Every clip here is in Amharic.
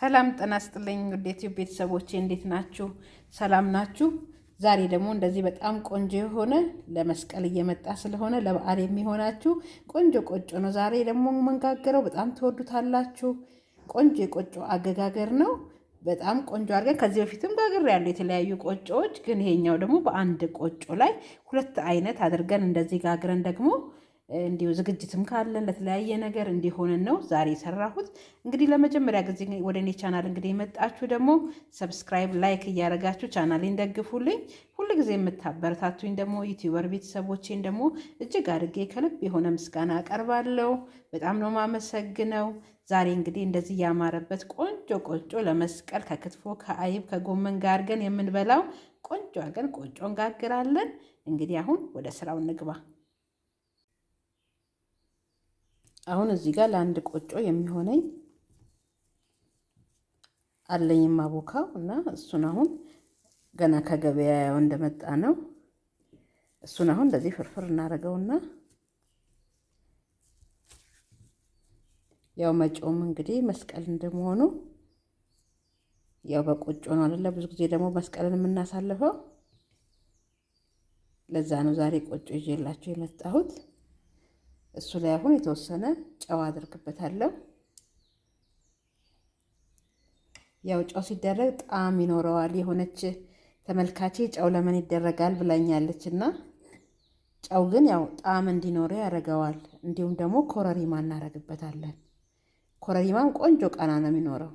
ሰላም ጤና ይስጥልኝ። ውድ ዩቲዩብ ቤተሰቦቼ እንዴት ናችሁ? ሰላም ናችሁ? ዛሬ ደግሞ እንደዚህ በጣም ቆንጆ የሆነ ለመስቀል እየመጣ ስለሆነ ለበዓል የሚሆናችሁ ቆንጆ ቆጮ ነው። ዛሬ ደግሞ መንጋገረው በጣም ትወዱታላችሁ። ቆንጆ የቆጮ አገጋገር ነው። በጣም ቆንጆ አድርገን ከዚህ በፊትም ጋግር ያሉ የተለያዩ ቆጮዎች፣ ግን ይሄኛው ደግሞ በአንድ ቆጮ ላይ ሁለት አይነት አድርገን እንደዚህ ጋግረን ደግሞ እንዲሁ ዝግጅትም ካለን ለተለያየ ነገር እንዲሆነን ነው ዛሬ የሰራሁት። እንግዲህ ለመጀመሪያ ጊዜ ወደ እኔ ቻናል እንግዲህ የመጣችሁ ደግሞ ሰብስክራይብ፣ ላይክ እያደረጋችሁ ቻናሌን ደግፉልኝ። ሁል ጊዜ የምታበረታቱኝ ደግሞ ዩቲዩበር ቤተሰቦቼን ደግሞ እጅግ አድርጌ ከልብ የሆነ ምስጋና አቀርባለሁ። በጣም ነው ማመሰግነው። ዛሬ እንግዲህ እንደዚህ ያማረበት ቆንጆ ቆጮ ለመስቀል ከክትፎ ከአይብ ከጎመን ጋር አድርገን የምንበላው ቆንጆ አድርገን ቆጮ እንጋግራለን። እንግዲህ አሁን ወደ ስራው እንግባ። አሁን እዚህ ጋር ለአንድ ቆጮ የሚሆነኝ አለኝ የማቦካው እና እሱን አሁን ገና ከገበያ እንደመጣ ነው። እሱን አሁን እንደዚህ ፍርፍር እናደርገውና ያው መጪውም እንግዲህ መስቀል እንደመሆኑ ያው በቆጮ ነው አይደለ? ብዙ ጊዜ ደግሞ መስቀልን የምናሳልፈው ለዛ ነው ዛሬ ቆጮ ይዤላችሁ የመጣሁት። እሱ ላይ አሁን የተወሰነ ጨው አድርግበታለሁ። ያው ጨው ሲደረግ ጣዕም ይኖረዋል። የሆነች ተመልካቼ ጨው ለምን ይደረጋል ብላኛለች እና ጨው ግን ያው ጣዕም እንዲኖረው ያደርገዋል። እንዲሁም ደግሞ ኮረሪማ እናደርግበታለን። ኮረሪማም ቆንጆ ቃና ነው የሚኖረው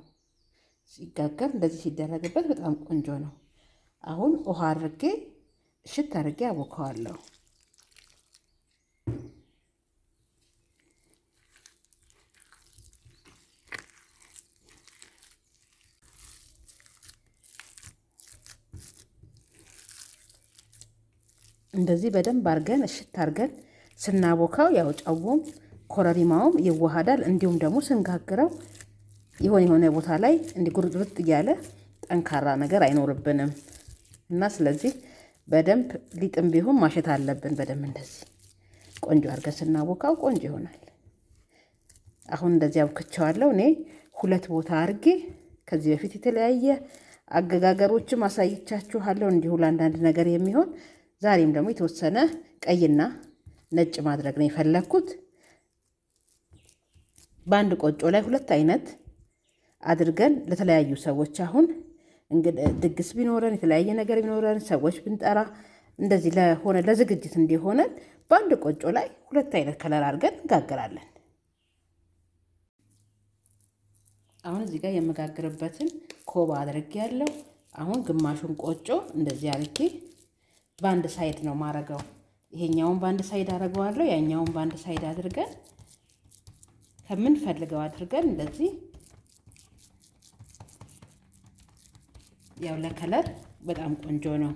ሲጋገር እንደዚህ ሲደረግበት በጣም ቆንጆ ነው። አሁን ውሃ አድርጌ እሽት አድርጌ አቦከዋለሁ። እንደዚህ በደንብ አርገን እሽት አርገን ስናቦካው ያው ጨውም ኮረሪማውም ይዋሃዳል። እንዲሁም ደግሞ ስንጋግረው የሆነ የሆነ ቦታ ላይ እንዲህ ጉርጥርጥ እያለ ጠንካራ ነገር አይኖርብንም እና ስለዚህ በደንብ ሊጥም ቢሆን ማሸት አለብን። በደንብ እንደዚህ ቆንጆ አድርገን ስናቦካው ቆንጆ ይሆናል። አሁን እንደዚህ አብክቸዋለሁ እኔ ሁለት ቦታ አርጌ ከዚህ በፊት የተለያየ አገጋገሮችም አሳይቻችኋለሁ። እንዲሁ ለአንዳንድ ነገር የሚሆን ዛሬም ደግሞ የተወሰነ ቀይና ነጭ ማድረግ ነው የፈለግኩት። በአንድ ቆጮ ላይ ሁለት አይነት አድርገን ለተለያዩ ሰዎች አሁን ድግስ ቢኖረን የተለያየ ነገር ቢኖረን ሰዎች ብንጠራ እንደዚህ ለሆነ ለዝግጅት እንዲሆነን በአንድ ቆጮ ላይ ሁለት አይነት ከለር አድርገን እንጋግራለን። አሁን እዚህ ጋር የመጋግርበትን ኮባ አድርጌ ያለው አሁን ግማሹን ቆጮ እንደዚህ አድርጌ በአንድ ሳይድ ነው ማረገው። ይሄኛውን በአንድ ሳይድ አረገዋለሁ። ያኛውን በአንድ ሳይድ አድርገን ከምንፈልገው አድርገን እንደዚህ ያው ለከለር በጣም ቆንጆ ነው።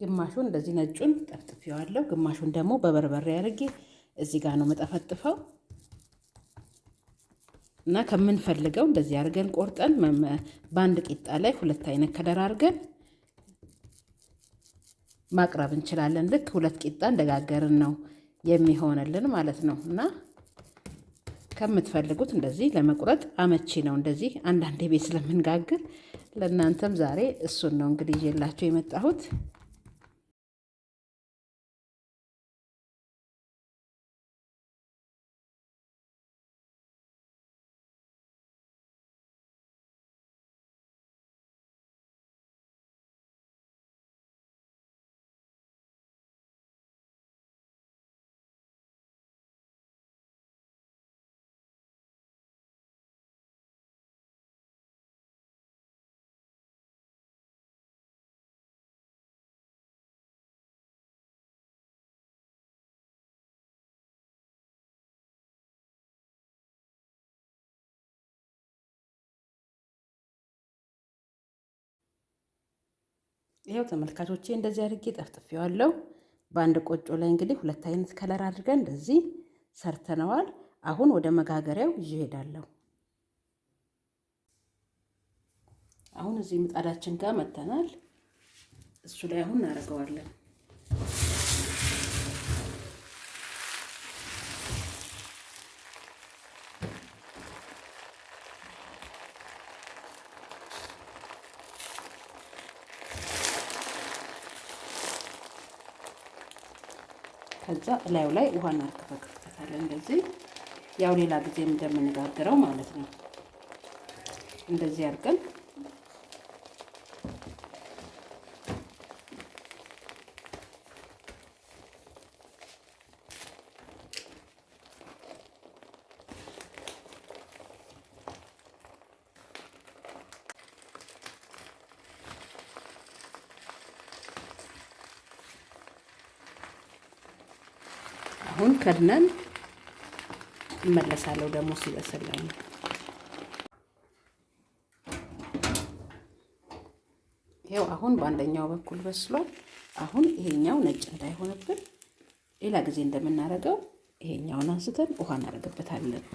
ግማሹን እንደዚህ ነጩን ጠፍጥፌዋለሁ። ግማሹን ደግሞ በበርበሬ አድርጌ እዚህ ጋር ነው መጠፈጥፈው እና ከምንፈልገው እንደዚህ አድርገን ቆርጠን በአንድ ቂጣ ላይ ሁለት አይነት ከለር አድርገን ማቅረብ እንችላለን። ልክ ሁለት ቂጣ እንደጋገርን ነው የሚሆንልን ማለት ነው። እና ከምትፈልጉት እንደዚህ ለመቁረጥ አመቺ ነው። እንደዚህ አንዳንዴ ቤት ስለምንጋግር ለእናንተም ዛሬ እሱን ነው እንግዲህ ይዤላችሁ የመጣሁት። ይኸው ተመልካቾቼ እንደዚህ አድርጌ ጠፍጥፌዋለሁ። በአንድ ቆጮ ላይ እንግዲህ ሁለት አይነት ከለር አድርገን እንደዚህ ሰርተነዋል። አሁን ወደ መጋገሪያው ይሄዳለሁ። አሁን እዚህ ምጣዳችን ጋር መተናል። እሱ ላይ አሁን እናደርገዋለን። ከዛ እላዩ ላይ ውሃ እናርከፈክፍበታለን። እንደዚህ ያው ሌላ ጊዜ እንደምንጋግረው ማለት ነው። እንደዚህ አድርገን አሁን ከድነን እመለሳለሁ ደግሞ ሲበስል ይኸው አሁን በአንደኛው በኩል በስሏል። አሁን ይሄኛው ነጭ እንዳይሆንብን ሌላ ጊዜ እንደምናደርገው ይሄኛውን አንስተን ውሃ እናደርግበታለን።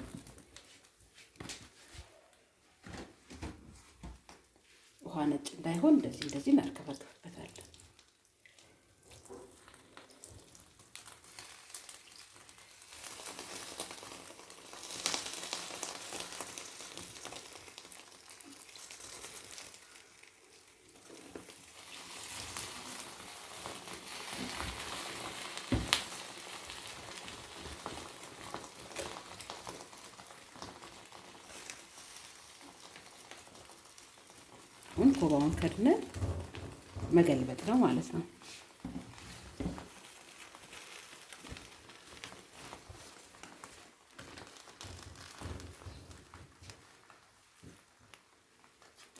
ውሃ ነጭ እንዳይሆን እንደዚህ እንደዚህ እናርከፈከፍበት አሁን ኮባውን ከድነን መገልበጥ ነው ማለት ነው።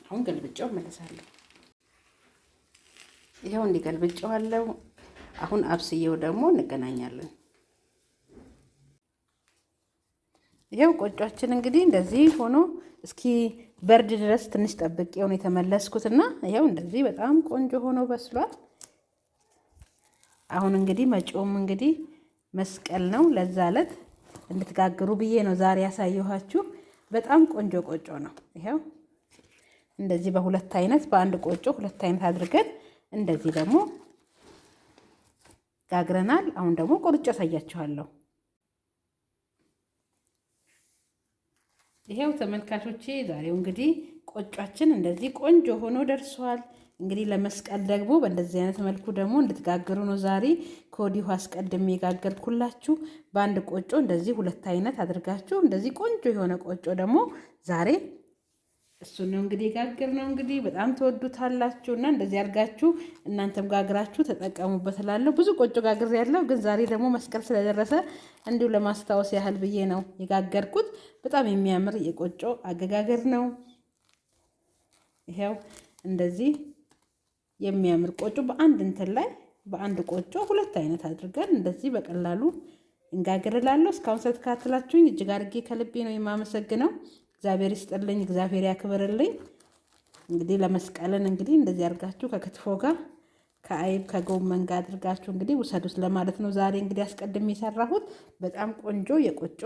አሁን ገልብጫው እመለሳለሁ። ይኸው አለው አሁን አብስየው ደግሞ እንገናኛለን። ይኸው ቆጯችን እንግዲህ እንደዚህ ሆኖ እስኪ በርድ ድረስ ትንሽ ጠብቄው የተመለስኩት የተመለስኩትና ይኸው እንደዚህ በጣም ቆንጆ ሆኖ በስሏል። አሁን እንግዲህ መጪውም እንግዲህ መስቀል ነው። ለዛ ዕለት እንድትጋግሩ ብዬ ነው ዛሬ ያሳየኋችሁ። በጣም ቆንጆ ቆጮ ነው። ይኸው እንደዚህ በሁለት አይነት በአንድ ቆጮ ሁለት አይነት አድርገን እንደዚህ ደግሞ ጋግረናል። አሁን ደግሞ ቆርጬ ያሳያችኋለሁ። ይሄው ተመልካቾቼ ዛሬው እንግዲህ ቆጯችን እንደዚህ ቆንጆ ሆኖ ደርሷል። እንግዲህ ለመስቀል ደግሞ በእንደዚህ አይነት መልኩ ደግሞ እንድትጋግሩ ነው ዛሬ ከወዲሁ አስቀድሜ የጋገርኩላችሁ። በአንድ ቆጮ እንደዚህ ሁለት አይነት አድርጋችሁ እንደዚህ ቆንጆ የሆነ ቆጮ ደግሞ ዛሬ እሱን ነው እንግዲህ ጋግር ነው እንግዲህ በጣም ተወዱታላችሁ እና እንደዚህ አድርጋችሁ እናንተም ጋግራችሁ ተጠቀሙበት እላለሁ። ብዙ ቆጮ ጋግር ያለው ግን ዛሬ ደግሞ መስቀል ስለደረሰ እንዲሁ ለማስታወስ ያህል ብዬ ነው የጋገርኩት። በጣም የሚያምር የቆጮ አገጋገር ነው። ይኸው እንደዚህ የሚያምር ቆጮ በአንድ እንትን ላይ በአንድ ቆጮ ሁለት አይነት አድርገን እንደዚህ በቀላሉ እንጋግርላለሁ። እስካሁን ስለተከታተላችሁኝ እጅግ አድርጌ ከልቤ ነው የማመሰግነው። እግዚአብሔር ይስጥልኝ፣ እግዚአብሔር ያክብርልኝ። እንግዲህ ለመስቀልን እንግዲህ እንደዚህ አድርጋችሁ ከክትፎ ጋር ከአይብ ከጎመን ጋር አድርጋችሁ እንግዲህ ውሰዱት ለማለት ነው። ዛሬ እንግዲህ አስቀድሜ የሰራሁት በጣም ቆንጆ የቆጮ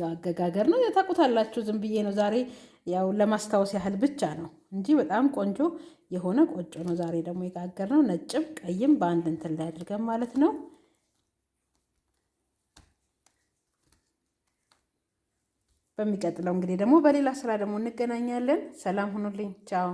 ያው አገጋገር ነው ታውቁታላችሁ። ዝም ብዬ ነው ዛሬ ያው ለማስታወስ ያህል ብቻ ነው እንጂ በጣም ቆንጆ የሆነ ቆጮ ነው ዛሬ ደግሞ የጋገር ነው። ነጭም ቀይም በአንድ እንትን ላይ አድርገን ማለት ነው። በሚቀጥለው እንግዲህ ደግሞ በሌላ ስራ ደግሞ እንገናኛለን። ሰላም ሁኑልኝ። ቻው